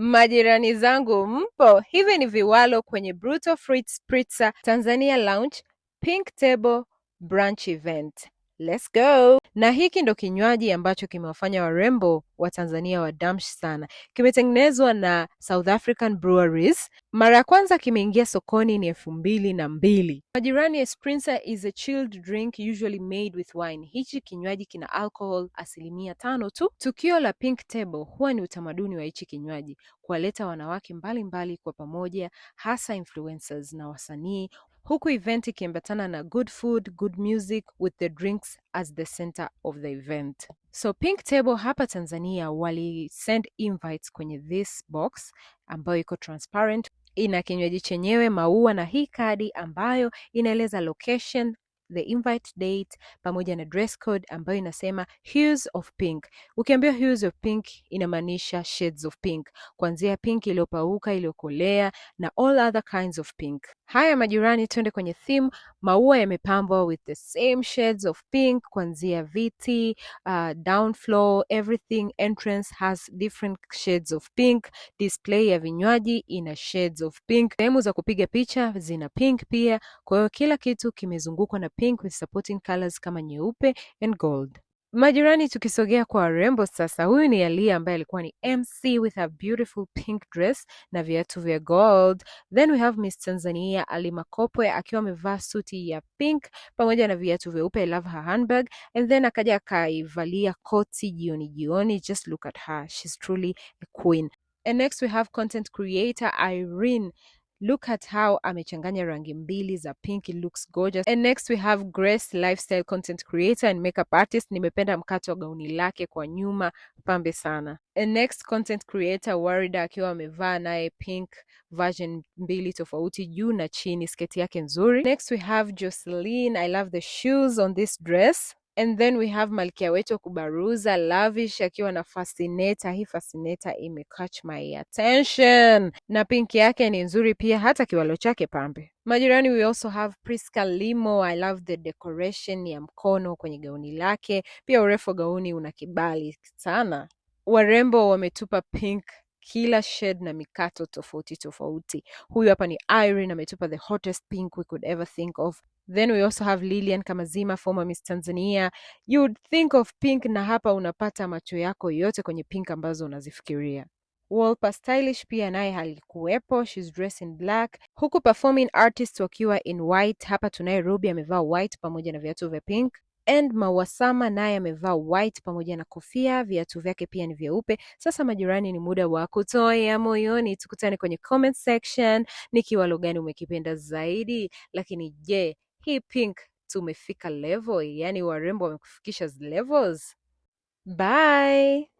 Majirani zangu mpo? Hivi ni Viwalo kwenye Brutal Fruit Spritzer Tanzania Lounge Pink Table Brunch Event. Let's go. Na hiki ndo kinywaji ambacho kimewafanya warembo wa Tanzania wadamsh sana. Kimetengenezwa na South African Breweries. Mara ya kwanza kimeingia sokoni ni elfu mbili na mbili. Majirani Esprinsa is a chilled drink usually made with wine. Hichi kinywaji kina alcohol asilimia tano tu. Tukio la Pink Table huwa ni utamaduni wa hichi kinywaji kuwaleta wanawake mbalimbali mbali kwa pamoja, hasa influencers na wasanii huku event ikiambatana na good food, good music with the drinks as the center of the event. So Pink Table hapa Tanzania wali send invites kwenye this box ambayo iko transparent ina kinywaji chenyewe, maua na hii kadi ambayo inaeleza location the invite date pamoja na dress code ambayo inasema hues of pink. ukiambia hues of pink inamaanisha shades of pink, kuanzia pink iliyopauka iliyokolea na all other kinds of pink. Haya majirani, twende kwenye theme. Maua yamepambwa with the same shades of pink, kuanzia viti, uh, down floor, everything entrance has different shades of pink. Display ya vinywaji ina shades of pink, sehemu za kupiga picha zina pink pia. Kwa hiyo kila kitu kimezungukwa na pink with supporting colors kama nyeupe and gold. Majirani, tukisogea kwa warembo sasa, huyu ni Aaliyah ambaye alikuwa ni MC with a beautiful pink dress na viatu vya gold. Then we have Miss Tanzania Ali Makopwe akiwa amevaa suti ya pink pamoja na viatu vyeupe, I love her handbag, and then akaja akaivalia koti jioni jioni. Just look at her, she's truly a queen. And next we have content creator Irene Look at how amechanganya rangi mbili za pink, it looks gorgeous. And next we have Grace, lifestyle content creator and makeup artist. Nimependa mkato wa gauni lake kwa nyuma, pambe sana. And next content creator Warida akiwa amevaa naye pink version mbili tofauti juu na chini, sketi yake nzuri. Next we have Jocelyn, I love the shoes on this dress and then we have Malkia wetu Kubaruza Lavish akiwa na fascinator. Hii fascinator ime catch my attention, na pinki yake ni nzuri pia, hata kiwalo chake pambe. Majirani, we also have prisca Limo. I love the decoration ya mkono kwenye gauni lake, pia urefu gauni una kibali sana. Warembo wametupa pink kila shed na mikato tofauti tofauti. Huyu hapa ni Irene ametupa the hottest pink we could ever think of. Then we also have Lilian Kamazima, former Miss Tanzania. youd think of pink, na hapa unapata macho yako yote kwenye pink ambazo unazifikiria. Wolper Stylish pia naye halikuwepo, she's dress in black, huku performing artists wakiwa in white. Hapa tunaye Ruby amevaa white pamoja na viatu vya pink and Mawasama naye amevaa white pamoja na kofia, viatu vyake pia ni vyeupe. Sasa majirani, ni muda wa kutoa moyoni. Tukutane kwenye comment section, ni kiwalo umekipenda zaidi? Lakini je, hii pink tumefika level, yani warembo wamekufikisha levels. Bye.